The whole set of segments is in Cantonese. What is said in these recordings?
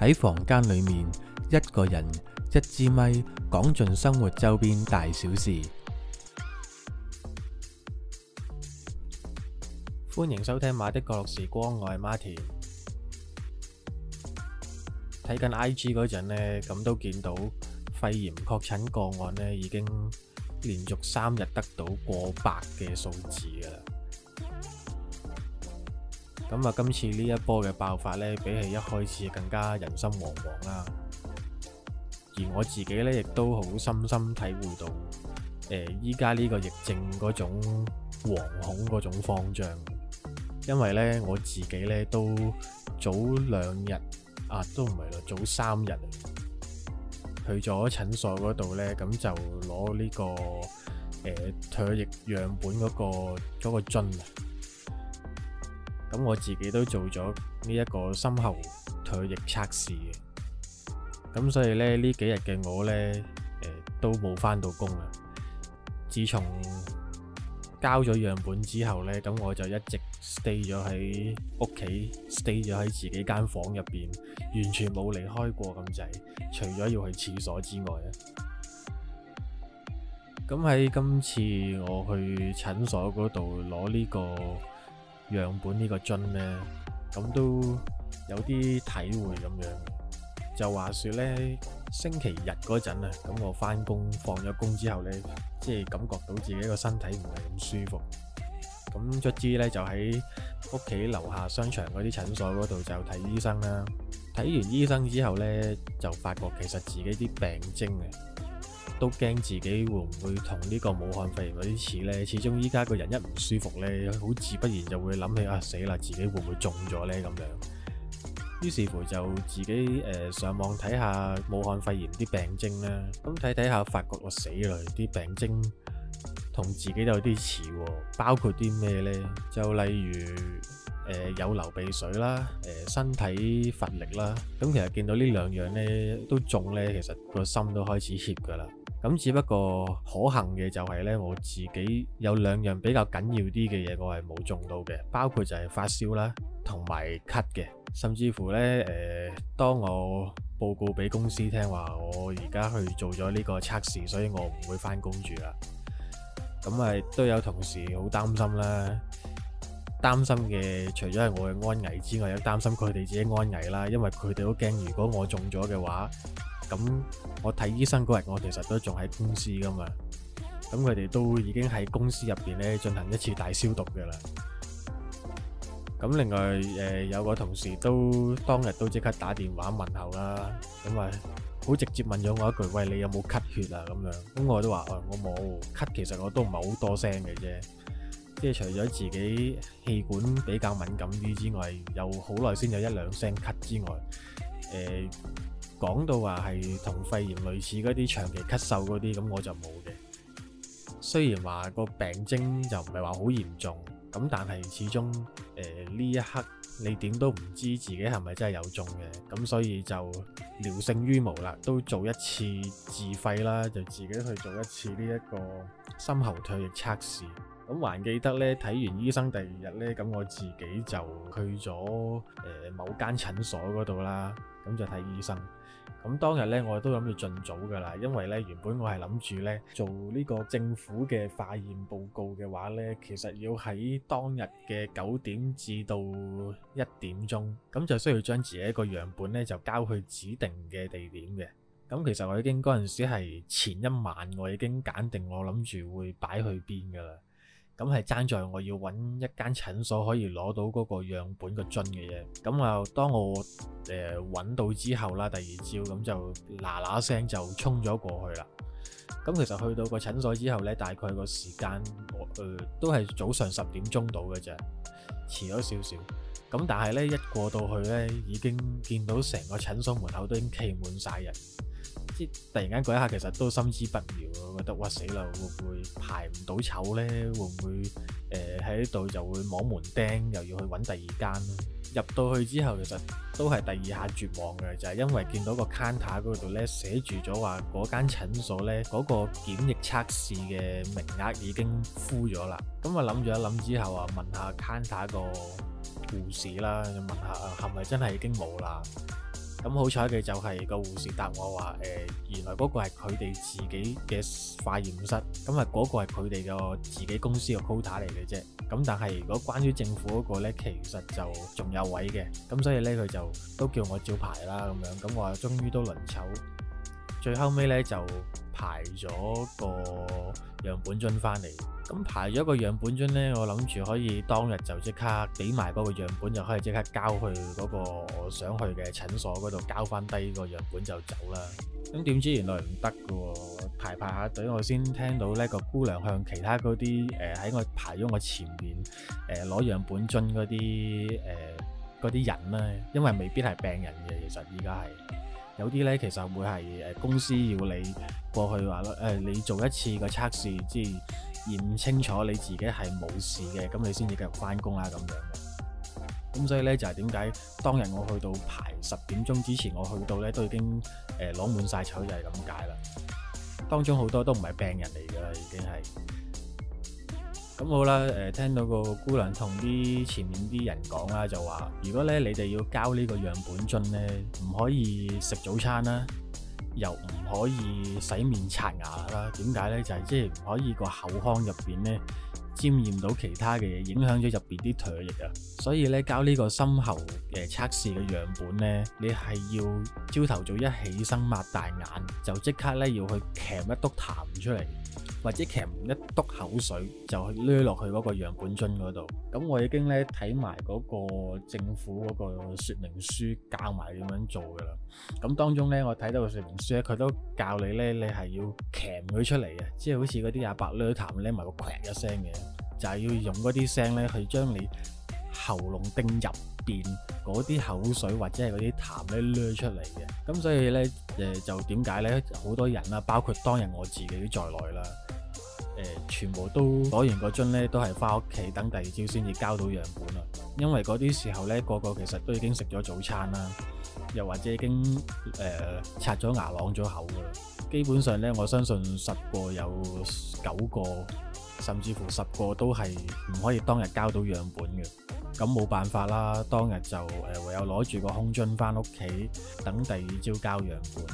喺房間裏面，一個人一支咪，講盡生活周邊大小事。歡迎收聽馬的角落時光，我係 Martin。睇緊 IG 嗰陣呢，咁都見到肺炎確診個案呢，已經連續三日得到過百嘅數字。咁啊，今次呢一波嘅爆發呢，比起一開始更加人心惶惶啦。而我自己呢，亦都好深深體會到，誒、呃，依家呢個疫症嗰種惶恐嗰種慌張。因為呢，我自己呢，都早兩日啊，都唔係啦，早三日去咗診所嗰度呢，咁就攞呢、呢個誒唾液樣本嗰、嗰個、嗰個樽咁我自己都做咗呢一個深喉唾液測試嘅，咁所以呢呢幾日嘅我呢，誒、呃、都冇返到工啦。自從交咗樣本之後呢，咁我就一直 stay 咗喺屋企，stay 咗喺自己間房入邊，完全冇離開過咁滯，除咗要去廁所之外咧。咁喺今次我去診所嗰度攞呢個樣本個呢個樽咧，咁都有啲體會咁樣，就話說咧，星期日嗰陣啊，咁我翻工放咗工之後咧，即係感覺到自己個身體唔係咁舒服，咁卒之咧就喺屋企樓下商場嗰啲診所嗰度就睇醫生啦，睇完醫生之後咧，就發覺其實自己啲病徵啊。都驚自己會唔會同呢個武漢肺炎有啲似咧？始終依家個人一唔舒服咧，好自不然就會諗起啊，死啦！自己會唔會中咗咧？咁樣於是乎就自己誒上網睇下武漢肺炎啲病徵啦。咁睇睇下，發覺我死啦啲病徵同自己都有啲似，包括啲咩咧？就例如誒有流鼻水啦，誒身體乏力啦。咁其實見到呢兩樣咧都中咧，其實個心都開始怯噶啦。咁只不過可行嘅就係呢。我自己有兩樣比較緊要啲嘅嘢，我係冇中到嘅，包括就係發燒啦，同埋咳嘅，甚至乎呢，誒、呃，當我報告俾公司聽話，我而家去做咗呢個測試，所以我唔會返工住啦。咁啊，都有同事好擔心啦，擔心嘅除咗係我嘅安危之外，亦都擔心佢哋自己安危啦，因為佢哋都驚如果我中咗嘅話。咁我睇醫生嗰日，我其實都仲喺公司噶嘛。咁佢哋都已經喺公司入邊咧進行一次大消毒嘅啦。咁另外誒，有個同事都當日都即刻打電話問候啦。咁啊，好直接問咗我一句：喂，你有冇咳血啊？咁樣咁我都話：哦，我冇咳，其實我都唔係好多聲嘅啫。即係除咗自己氣管比較敏感啲之外，又好耐先有一兩聲咳之外，誒。講到話係同肺炎類似嗰啲長期咳嗽嗰啲，咁我就冇嘅。雖然話個病徵就唔係話好嚴重，咁但係始終誒呢、呃、一刻你點都唔知自己係咪真係有中嘅，咁所以就聊勝於無啦，都做一次自費啦，就自己去做一次呢一個深喉唾液測試。咁還記得咧，睇完醫生第二日咧，咁我自己就去咗誒、呃、某間診所嗰度啦，咁就睇醫生。咁當日咧，我都諗住盡早噶啦，因為咧原本我係諗住咧做呢個政府嘅化驗報告嘅話咧，其實要喺當日嘅九點至到一點鐘，咁就需要將自己一個樣本咧就交去指定嘅地點嘅。咁其實我已經嗰陣時係前一晚，我已經揀定我諗住會擺去邊噶啦。咁係爭在我要搵一間診所可以攞到嗰個樣本個樽嘅嘢。咁啊，當我誒搵、呃、到之後啦，第二朝咁就嗱嗱聲就衝咗過去啦。咁其實去到個診所之後呢，大概個時間誒、呃、都係早上十點鐘到嘅啫，遲咗少少。咁但係呢，一過到去呢，已經見到成個診所門口都已經企滿晒人。即突然間嗰一下，其實都心知不妙啊！我覺得哇死啦，會唔會排唔到籌咧？會唔會誒喺度就會摸門釘，又要去揾第二間？入到去之後，其實都係第二下絕望嘅，就係因為見到個 counter 嗰度咧寫住咗話，嗰間診所咧嗰個檢疫測試嘅名額已經 full 咗啦。咁啊諗咗一諗之後啊，問下 counter 個護士啦，就問下啊係咪真係已經冇啦？咁好彩嘅就係個護士答我話，呃，原來嗰個係佢哋自己嘅化驗室，咁啊嗰個係佢哋個自己公司個 quota 嚟嘅啫。咁但係如果關於政府嗰個咧，其實就仲有位嘅。咁所以呢，佢就都叫我照排啦，咁樣咁我終於都輪籌。最後尾咧就排咗個樣本樽翻嚟，咁排咗個樣本樽咧，我諗住可以當日就即刻俾埋嗰個樣本，就可以即刻交去嗰個我想去嘅診所嗰度交翻低個樣本就走啦。咁點知原來唔得噶喎，排排下隊，我先聽到呢個姑娘向其他嗰啲誒，喺我排咗我前面誒攞樣本樽嗰啲誒啲人咧，因為未必係病人嘅，其實依家係。有啲咧，其實會係誒公司要你過去話，誒、呃、你做一次個測試，即係驗清楚你自己係冇事嘅，咁你先至繼續翻工啦咁樣嘅。咁所以咧就係點解當日我去到排十點鐘之前，我去到咧都已經誒攞滿晒籌，就係咁解啦。當中好多都唔係病人嚟嘅喇，已經係。咁好啦，誒、呃、聽到個姑娘同啲前面啲人講啦，就話如果咧你哋要交呢個樣本樽咧，唔可以食早餐啦，又唔可以洗面刷牙啦。點解咧？就係即係唔可以個口腔入邊咧沾染到其他嘅嘢，影響咗入邊啲唾液啊。所以咧，交呢個深喉嘅測試嘅樣本咧，你係要朝頭早一起身擘大眼，就即刻咧要去強一篤痰出嚟。或者鉗一督口水就去攞落去嗰個樣本樽嗰度，咁我已經咧睇埋嗰個政府嗰個說明書教埋點樣做噶啦。咁當中咧我睇到個說明書咧，佢都教你咧，你係要鉗佢出嚟嘅，即係好似嗰啲阿伯攞痰拎埋個噏一聲嘅，就係要用嗰啲聲咧去將你喉嚨釘入。嗰啲口水或者係嗰啲痰咧，掠出嚟嘅。咁所以咧，誒、呃、就點解咧？好多人啦，包括當日我自己在內啦，誒、呃、全部都攞完個樽咧，都係翻屋企等第二朝先至交到樣本啦。因為嗰啲時候咧，個個其實都已經食咗早餐啦，又或者已經誒刷咗牙、攪咗口噶。基本上咧，我相信十個有九個，甚至乎十個都係唔可以當日交到樣本嘅。咁冇辦法啦，當日就唯有攞住個空樽返屋企等第二朝交樣本，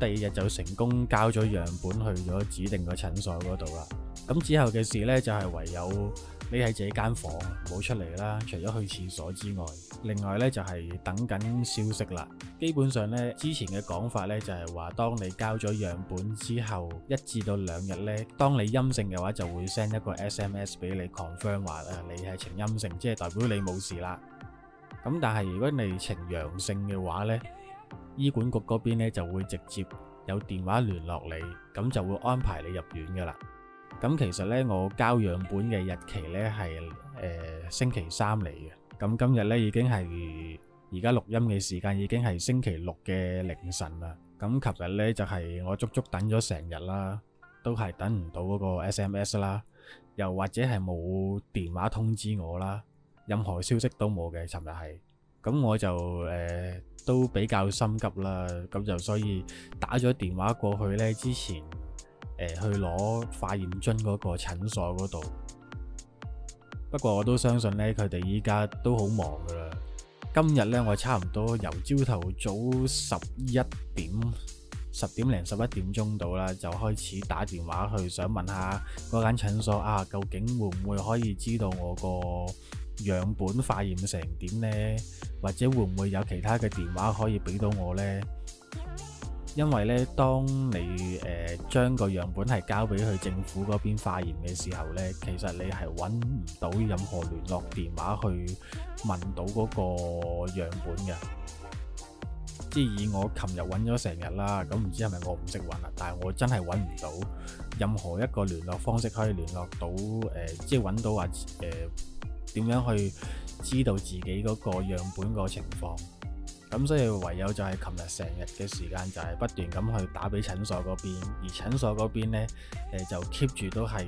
第二日就成功交咗樣本去咗指定個診所嗰度啦。咁之後嘅事呢，就係唯有。你喺自己間房，冇出嚟啦。除咗去廁所之外，另外呢，就係等緊消息啦。基本上呢，之前嘅講法呢，就係話，當你交咗樣本之後，一至到兩日呢，當你陰性嘅話，就會 send 一個 SMS 俾你 confirm 話啊，你係呈陰性，即係代表你冇事啦。咁但係如果你呈陽性嘅話呢，醫管局嗰邊呢就會直接有電話聯絡你，咁就會安排你入院噶啦。咁其實咧，我交樣本嘅日期咧係誒星期三嚟嘅。咁今日咧已經係而家錄音嘅時間已經係星期六嘅凌晨啦。咁琴日咧就係我足足等咗成日啦，都係等唔到嗰個 SMS 啦，又或者係冇電話通知我啦，任何消息都冇嘅。尋日係，咁我就誒都比較心急啦。咁就所以打咗電話過去咧，之前。去攞化驗樽嗰個診所嗰度，不過我都相信呢，佢哋依家都好忙噶啦。今日呢，我差唔多由朝頭早十一點十點零十一點鐘到啦，就開始打電話去想問下嗰間診所啊，究竟會唔會可以知道我個樣本化驗成點呢，或者會唔會有其他嘅電話可以俾到我呢？因為咧，當你誒將個樣本係交俾去政府嗰邊化驗嘅時候咧，其實你係搵唔到任何聯絡電話去問到嗰個樣本嘅。即係以我琴日搵咗成日啦，咁唔知係咪我唔識搵啦？但係我真係搵唔到任何一個聯絡方式可以聯絡到誒、呃，即係搵到話誒點樣去知道自己嗰個樣本個情況。咁所以唯有就係琴日成日嘅時間就係不斷咁去打俾診所嗰邊，而診所嗰邊咧誒、呃、就 keep 住都係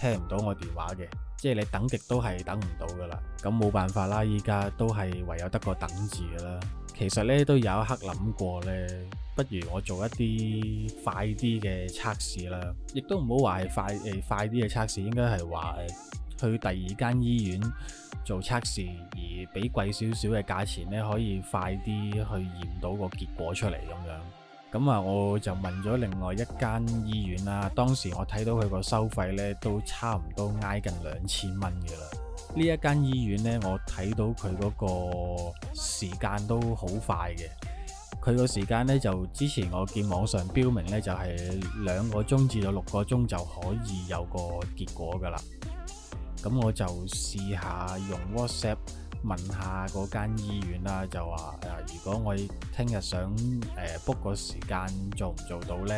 聽唔到我電話嘅，即係你等極都係等唔到噶啦。咁冇辦法啦，依家都係唯有得個等字噶啦。其實咧都有一刻諗過咧，不如我做一啲快啲嘅測試啦，亦都唔好話係快誒、呃、快啲嘅測試，應該係話，去第二間醫院做測試，而比貴少少嘅價錢呢，可以快啲去驗到個結果出嚟咁樣。咁啊，我就問咗另外一間醫院啦。當時我睇到佢個收費呢，都差唔多挨近兩千蚊嘅啦。呢一間醫院呢，我睇到佢嗰個時間都好快嘅。佢個時間呢，就之前我見網上標明呢，就係兩個鐘至到六個鐘就可以有個結果噶啦。咁我就試下用 WhatsApp 問下嗰間醫院啦，就話誒，如果我聽日想 book 個時間，做唔做到呢？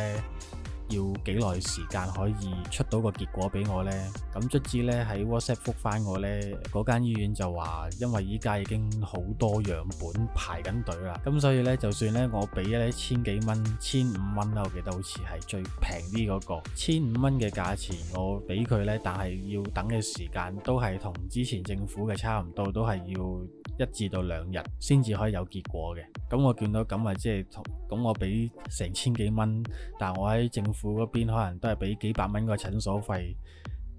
要幾耐時間可以出到個結果俾我呢？咁卒之呢，喺 WhatsApp 覆翻我呢嗰間醫院就話，因為依家已經好多樣本排緊隊啦，咁所以呢，就算呢我俾一千幾蚊，千五蚊，我記得好似係最平啲嗰個千五蚊嘅價錢，我俾佢呢，但係要等嘅時間都係同之前政府嘅差唔多，都係要。一至到兩日先至可以有結果嘅，咁我見到咁咪即係同，咁我俾成千幾蚊，但我喺政府嗰邊可能都係俾幾百蚊個診所費，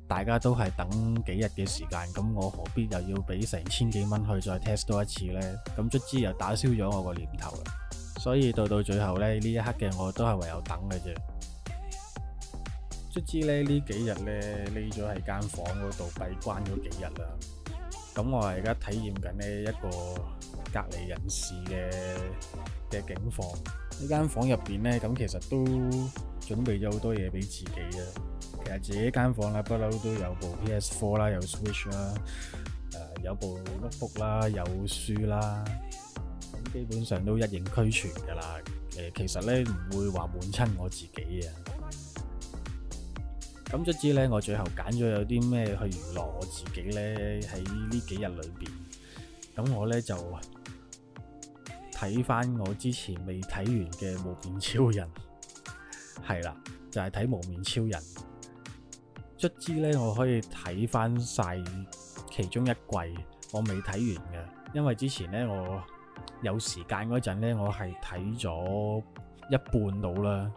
大家都係等幾日嘅時間，咁我何必又要俾成千幾蚊去再 test 多一次呢？咁卒之又打消咗我個念頭，所以到到最後呢，呢一刻嘅我都係唯有等嘅啫。卒之呢，呢幾日呢，匿咗喺間房嗰度閉關咗幾日啦。咁我係而家體驗緊呢一個隔離人士嘅嘅景況，呢間房入邊咧，咁其實都準備咗好多嘢俾自己嘅。其實自己間房啦，不嬲都有部 PS4 啦，有 Switch 啦，誒，有部 notebook 啦，有書啦，咁基本上都一應俱全噶啦。誒，其實咧唔會話滿親我自己嘅。咁卒之咧，我最後揀咗有啲咩去娛樂我自己咧，喺呢幾日裏邊，咁我咧就睇翻我之前未睇完嘅《幪面超人》，係啦，就係、是、睇《幪面超人》。卒之咧，我可以睇翻晒其中一季我未睇完嘅，因為之前咧我有時間嗰陣咧，我係睇咗一半到啦。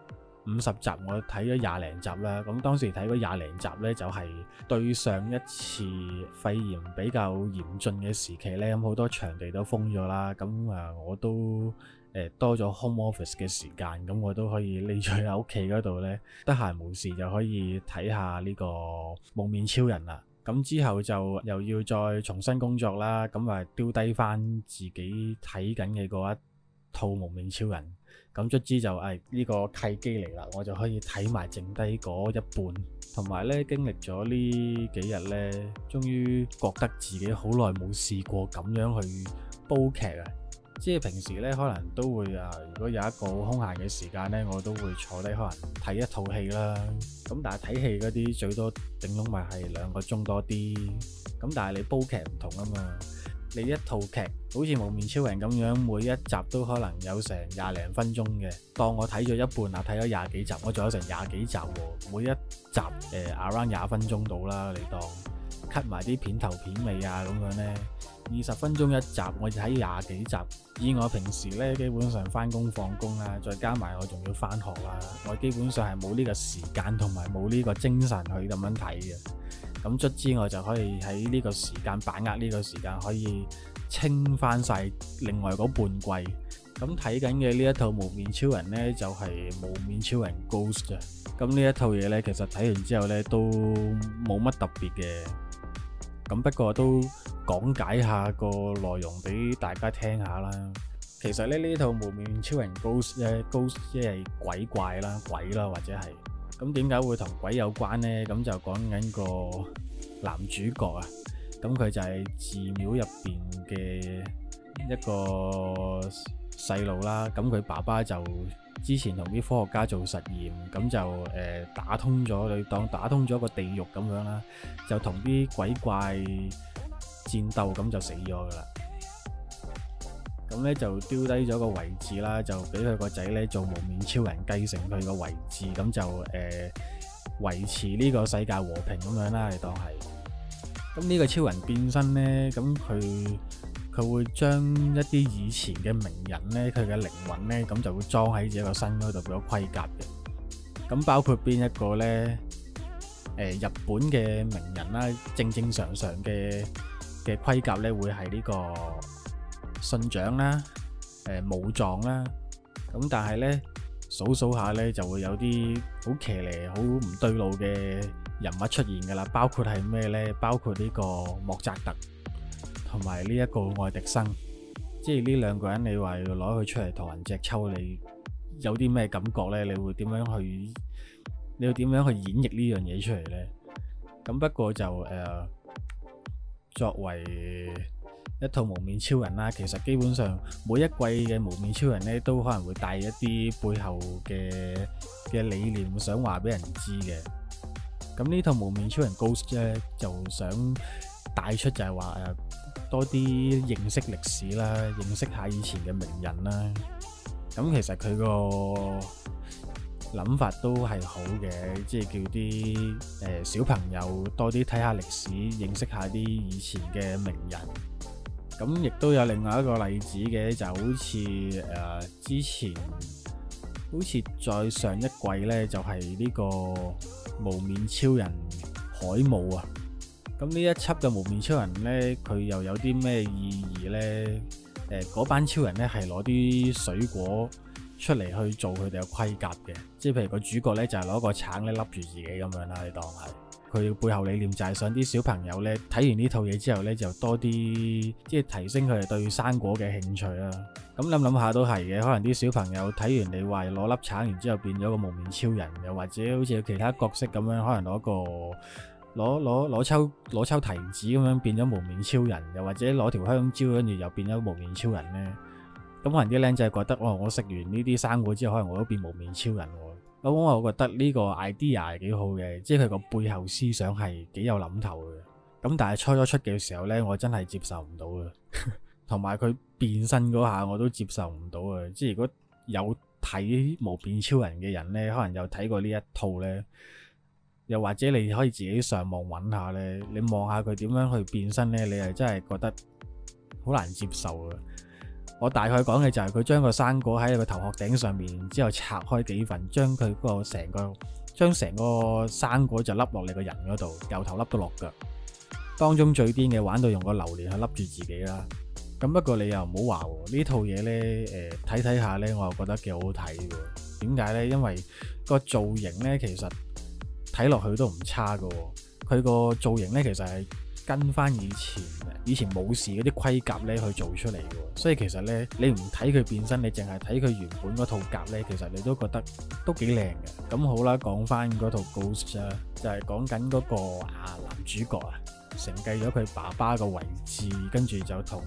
五十集我睇咗廿零集啦，咁當時睇嗰廿零集呢，就係對上一次肺炎比較嚴峻嘅時期呢。咁好多場地都封咗啦，咁啊我都誒、呃、多咗 home office 嘅時間，咁我都可以匿咗喺屋企嗰度呢，得閒冇事就可以睇下呢個幪面超人啦。咁之後就又要再重新工作啦，咁啊丟低翻自己睇緊嘅嗰一套幪面超人，咁卒之就係呢個契機嚟啦，我就可以睇埋剩低嗰一半。同埋呢，經歷咗呢幾日呢，終於覺得自己好耐冇試過咁樣去煲劇啊！即係平時呢，可能都會啊，如果有一個空閒嘅時間呢，我都會坐低可能睇一套戲啦。咁但係睇戲嗰啲最多頂籠咪係兩個鐘多啲。咁但係你煲劇唔同啊嘛～你一套劇好似《幪面超人》咁樣，每一集都可能有成廿零分鐘嘅。當我睇咗一半啦，睇咗廿幾集，我仲有成廿幾集喎。每一集誒、呃，around 廿分鐘到啦，你當 cut 埋啲片頭片尾啊，咁樣呢。二十分鐘一集，我就睇廿幾集。以我平時咧，基本上翻工放工啦，再加埋我仲要翻學啊，我基本上係冇呢個時間同埋冇呢個精神去咁樣睇嘅。咁卒之我就可以喺呢個時間把握呢個時間，時間可以清翻晒另外嗰半季。咁睇緊嘅呢一套《幪面超人》呢，就係、是《幪面超人 Ghost》。咁呢一套嘢呢，其實睇完之後呢，都冇乜特別嘅。咁不過都講解下個內容俾大家聽下啦。其實呢套幪面超人 ghost 咧、啊、ghost 即係鬼怪啦、鬼啦，或者係。咁點解會同鬼有關呢？咁就講緊個男主角啊。咁佢就係寺廟入邊嘅一個細路啦。咁佢爸爸就之前同啲科學家做實驗，咁就誒、呃、打通咗，你當打通咗個地獄咁樣啦，就同啲鬼怪戰鬥，咁就死咗噶啦。咁咧就丟低咗個位置啦，就俾佢個仔咧做幪面超人繼承佢個位置，咁就誒、呃、維持呢個世界和平咁樣啦，你當係。咁呢個超人變身咧，咁佢。佢會將一啲以前嘅名人咧，佢嘅靈魂咧，咁就會裝喺自己個身度，叫做盔甲嘅。咁包括邊一個咧？誒，日本嘅名人啦，正正常常嘅嘅盔甲咧，會係呢個信長啦，誒，武藏啦。咁但係咧，數數下咧，就會有啲好騎呢、好唔對路嘅人物出現噶啦。包括係咩咧？包括呢個莫扎特，同埋呢一個愛迪生，即係呢兩個人，你要人你，你話要攞佢出嚟同人隻抽，你有啲咩感覺咧？你會點樣去？你要點樣去演繹呢樣嘢出嚟咧？咁不過就誒、呃，作為一套幪面超人啦，其實基本上每一季嘅幪面超人咧，都可能會帶一啲背後嘅嘅理念想，想話俾人知嘅。咁呢套幪面超人 Ghost 咧，就想帶出就係話誒。呃多啲認識歷史啦，認識下以前嘅名人啦。咁其實佢個諗法都係好嘅，即係叫啲誒小朋友多啲睇下歷史，認識下啲以前嘅名人。咁亦都有另外一個例子嘅，就好似誒之前，好似再上一季呢，就係呢個幪面超人海姆啊。咁呢一輯嘅幪面超人呢，佢又有啲咩意義呢？誒、呃，嗰班超人呢，係攞啲水果出嚟去做佢哋嘅盔甲嘅，即係譬如個主角呢，就係、是、攞個橙咧笠住自己咁樣啦，你當係佢背後理念就係想啲小朋友呢，睇完呢套嘢之後呢，就多啲即係提升佢哋對生果嘅興趣啦、啊。咁諗諗下都係嘅，可能啲小朋友睇完你話攞粒橙，然之後變咗個幪面超人，又或者好似其他角色咁樣，可能攞個～攞攞攞抽攞抽提子咁樣變咗幪面超人，又或者攞條香蕉跟住又變咗幪面超人呢。咁可能啲僆仔覺得，哦、我食完呢啲生果之後，可能我都變幪面超人喎。咁、嗯、我覺得呢個 idea 係幾好嘅，即係佢個背後思想係幾有諗頭嘅。咁但係初初出嘅時候呢，我真係接受唔到嘅。同埋佢變身嗰下我都接受唔到嘅。即係如果有睇幪面超人嘅人呢，可能有睇過呢一套呢。又或者你可以自己上網揾下呢，你望下佢點樣去變身呢，你係真係覺得好難接受啊！我大概講嘅就係佢將個生果喺個頭殼頂上面，之後拆開幾份，將佢嗰個成個將成個生果就笠落你個人嗰度，由頭笠到落腳。當中最癲嘅玩到用個榴蓮去笠住自己啦。咁不過你又唔好話喎，呢套嘢呢，誒睇睇下呢，我又覺得幾好睇嘅。點解呢？因為個造型呢，其實。睇落去都唔差噶，哦，佢個造型呢，其實係跟翻以前以前武士嗰啲盔甲呢去做出嚟噶，所以其實呢，你唔睇佢變身，你淨係睇佢原本嗰套甲呢，其實你都覺得都幾靚嘅。咁好啦，講翻嗰套《Ghost》啊，就係講緊嗰個啊男主角啊承繼咗佢爸爸嘅位置，跟住就同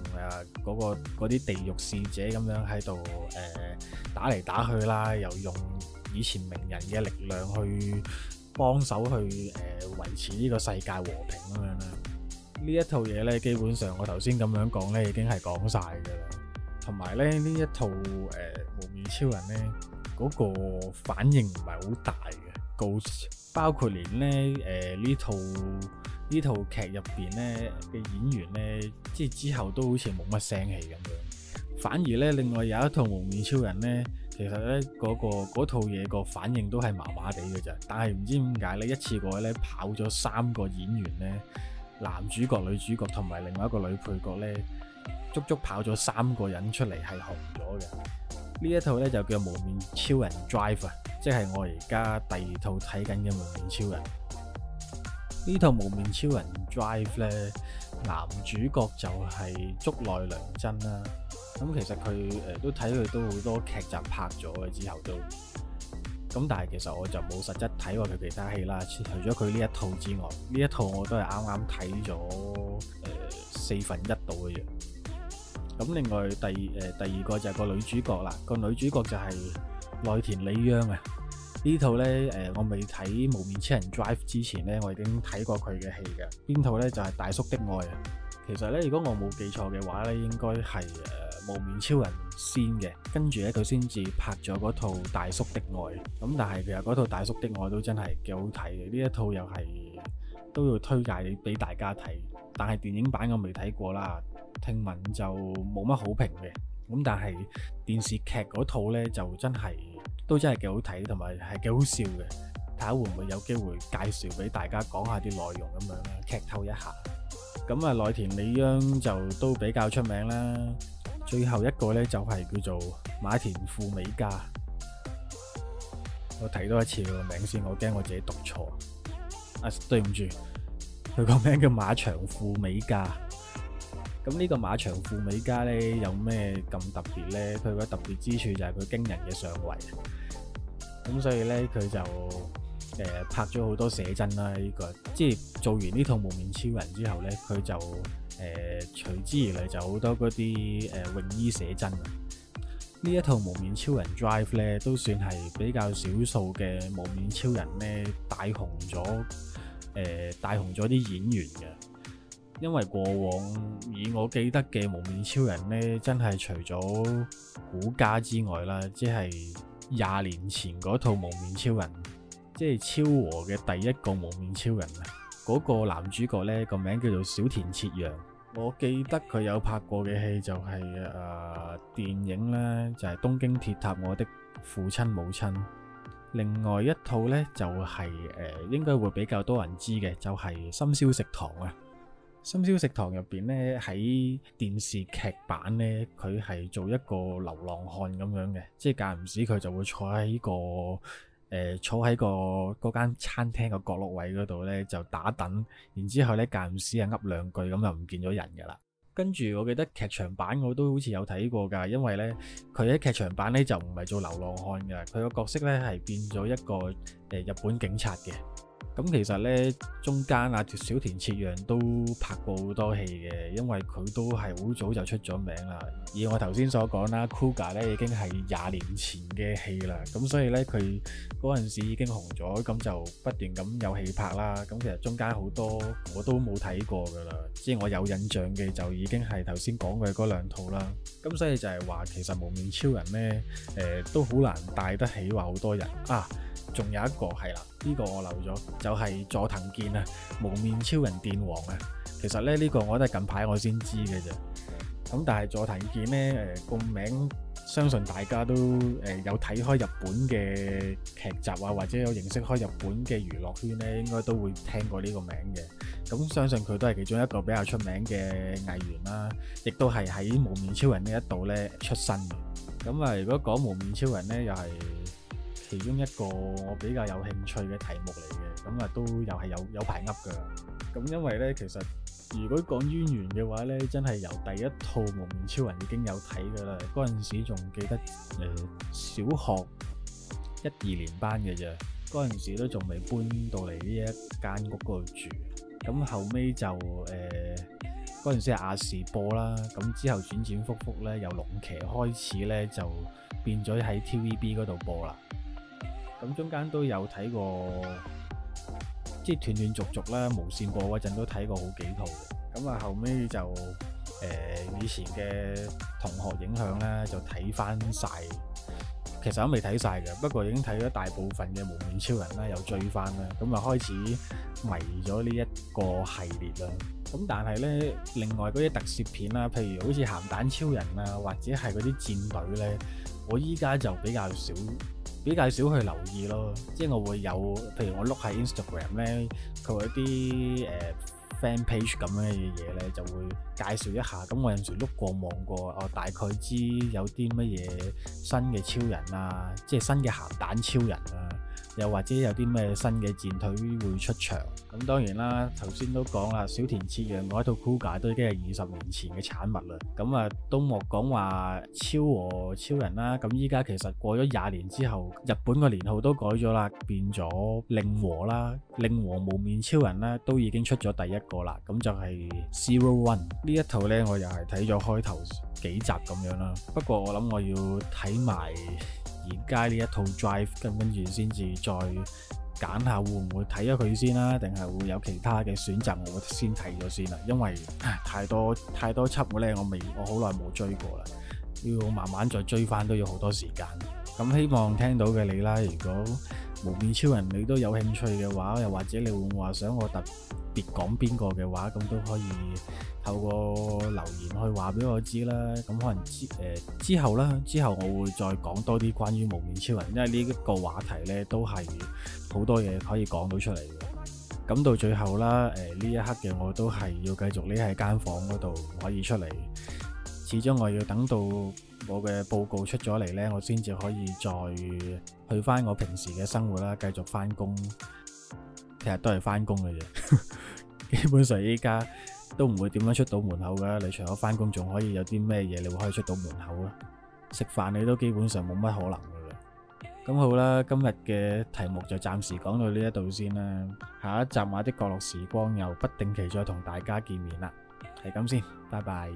誒嗰個嗰啲地獄使者咁樣喺度誒打嚟打去啦，又用以前名人嘅力量去，幫手去誒呃、維持呢個世界和平咁樣咧，呢一套嘢咧基本上我頭先咁樣講咧已經係講晒噶啦，同埋咧呢一套誒、呃、幪面超人咧嗰個反應唔係好大嘅，Ghost, 包括連咧誒呢套呢套劇入邊咧嘅演員咧，即係之後都好似冇乜聲氣咁樣，反而咧另外有一套幪面超人咧。其實咧嗰個嗰套嘢個反應都係麻麻地嘅咋，但係唔知點解咧一次過咧跑咗三個演員咧，男主角、女主角同埋另外一個女配角咧，足足跑咗三個人出嚟係紅咗嘅。呢一套咧就叫《幪面超人 Drive》啊，即係我而家第二套睇緊嘅幪面超人。呢套《幪面超人 Drive》咧，男主角就係竹內良真啦、啊。咁、嗯、其實佢誒、呃、都睇佢都好多劇集拍咗嘅之後都咁，但係其實我就冇實質睇過佢其他戲啦。除咗佢呢一套之外，呢一套我都係啱啱睇咗誒四分一度嘅啫。咁、嗯、另外第誒、呃、第二個就係個女主角啦。個女主角就係內田理央啊。套呢套咧誒，我未睇《幪面超人 Drive》之前咧，我已經睇過佢嘅戲嘅。邊套咧就係、是、大叔的愛啊。其實咧，如果我冇記錯嘅話咧，應該係。幪面超人先嘅，跟住咧佢先至拍咗嗰套《大叔的愛》咁，但係其實嗰套《大叔的愛》都真係幾好睇嘅。呢一套又係都要推介俾大家睇，但係電影版我未睇過啦，聽聞就冇乜好評嘅。咁但係電視劇嗰套呢，就真係都真係幾好睇，同埋係幾好笑嘅。睇下會唔會有機會介紹俾大家講下啲內容咁樣啦，劇透一下。咁啊，內田理央就都比較出名啦。最後一個咧就係叫做馬田富美加，我睇多一次佢個名先，我驚我自己讀錯，啊對唔住，佢個名叫馬場富美加。咁呢個馬場富美加咧有咩咁特別咧？佢個特別之處就係佢驚人嘅上圍。咁所以咧佢就誒、呃、拍咗好多寫真啦。呢、這個即係做完呢套《幪面超人》之後咧，佢就。誒，隨、呃、之而嚟就好多嗰啲誒泳衣寫真啊！呢一套《幪面超人 Drive》咧，都算係比較少數嘅《幪面超人》咧帶紅咗，誒、呃、帶紅咗啲演員嘅。因為過往以我記得嘅《幪面超人》咧，真係除咗古家之外啦，即係廿年前嗰套《幪面超人》，即係超和嘅第一個《幪面超人》啊，嗰、那個男主角咧個名叫做小田切讓。我記得佢有拍過嘅戲就係、是、誒、呃、電影啦，就係、是、東京鐵塔我的父親母親，另外一套呢，就係、是、誒、呃、應該會比較多人知嘅就係、是、深宵食堂啊。深宵食堂入邊呢，喺電視劇版呢，佢係做一個流浪漢咁樣嘅，即係間唔時佢就會坐喺呢、這個。誒、呃，坐喺個嗰間餐廳個角落位嗰度咧，就打等，然之後咧，間唔時啊噏兩句，咁就唔見咗人噶啦。跟住我記得劇場版我都好似有睇過噶，因為咧佢喺劇場版咧就唔係做流浪漢噶，佢個角色咧係變咗一個誒、呃、日本警察嘅。咁其實呢，中間啊，小田切讓都拍過好多戲嘅，因為佢都係好早就出咗名啦。以我頭先所講啦，Kuga 呢已經係廿年前嘅戲啦，咁所以呢，佢嗰陣時已經紅咗，咁就不斷咁有戲拍啦。咁其實中間好多我都冇睇過㗎啦，即係我有印象嘅就已經係頭先講嘅嗰兩套啦。咁所以就係話，其實幪面超人呢、呃、都好難帶得起話好多人啊。仲有一個係啦，呢個我漏咗。就係佐藤健啊，幪面超人電王啊，其實咧，呢個我都係近排我先知嘅啫。咁但係佐藤健呢誒，個名相信大家都誒，有睇開日本嘅劇集啊，或者有認識開日本嘅娛樂圈呢，應該都會聽過呢個名嘅。咁、嗯、相信佢都係其中一個比較出名嘅藝員啦、啊，亦都係喺幪面超人一呢一度呢出身嘅。咁、嗯、啊，如果講幪面超人呢，又係～其中一個我比較有興趣嘅題目嚟嘅，咁啊都又係有有排噏㗎。咁因為咧，其實如果講淵源嘅話咧，真係由第一套幪面超人已經有睇㗎啦。嗰陣時仲記得誒、呃、小學一二年班嘅啫，嗰陣時都仲未搬到嚟呢一間屋嗰度住。咁後尾就誒嗰陣時亞視播啦，咁之後轉轉覆覆咧，由龍騎開始咧就變咗喺 T V B 嗰度播啦。咁中間都有睇過，即係斷斷續續啦，無線播嗰陣都睇過好幾套，咁啊後尾就誒、呃、以前嘅同學影響啦，就睇翻晒。其實都未睇晒嘅，不過已經睇咗大部分嘅幪面超人啦，又追翻啦，咁啊開始迷咗呢一個系列啦。咁但係咧，另外嗰啲特攝片啦，譬如好似鹹蛋超人啊，或者係嗰啲戰隊咧，我依家就比較少。比較少去留意咯，即係我會有，譬如我碌喺 Instagram 咧，佢會有啲誒、呃、fan page 咁樣嘅嘢咧，就會介紹一下。咁我有陣時碌過望過，我大概知有啲乜嘢新嘅超人啊，即係新嘅鹹蛋超人啊。又或者有啲咩新嘅戰隊會出場？咁當然啦，頭先都講啦，小田切讓嗰套酷 u 都已經係二十年前嘅產物啦。咁啊，都莫講話超和超人啦。咁依家其實過咗廿年之後，日本個年號都改咗啦，變咗令和啦。令和無面超人咧都已經出咗第一個啦。咁就係 Zero One 呢一套咧，我又係睇咗開頭幾集咁樣啦。不過我諗我要睇埋。而家呢一套 drive 跟，跟住先至再揀下會唔會睇咗佢先啦，定係會有其他嘅選擇？我先睇咗先啦，因為太多太多輯嘅咧，我未我好耐冇追過啦，要慢慢再追翻都要好多時間。咁希望聽到嘅你啦，如果～幪面超人，你都有興趣嘅話，又或者你會話想我特別講邊個嘅話，咁都可以透過留言去話俾我知啦。咁可能之誒、呃、之後啦，之後我會再講多啲關於幪面超人，因為呢個話題呢都係好多嘢可以講到出嚟嘅。咁到最後啦，誒、呃、呢一刻嘅我都係要繼續匿喺間房嗰度可以出嚟，始終我要等到。我嘅報告出咗嚟呢，我先至可以再去翻我平時嘅生活啦，繼續翻工，其實都係翻工嘅啫。基本上依家都唔會點樣出到門口噶，你除咗翻工，仲可以有啲咩嘢？你會可以出到門口啊？食飯你都基本上冇乜可能噶。咁好啦，今日嘅題目就暫時講到呢一度先啦，下一集啊啲角落時光又不定期再同大家見面啦，係咁先，拜拜。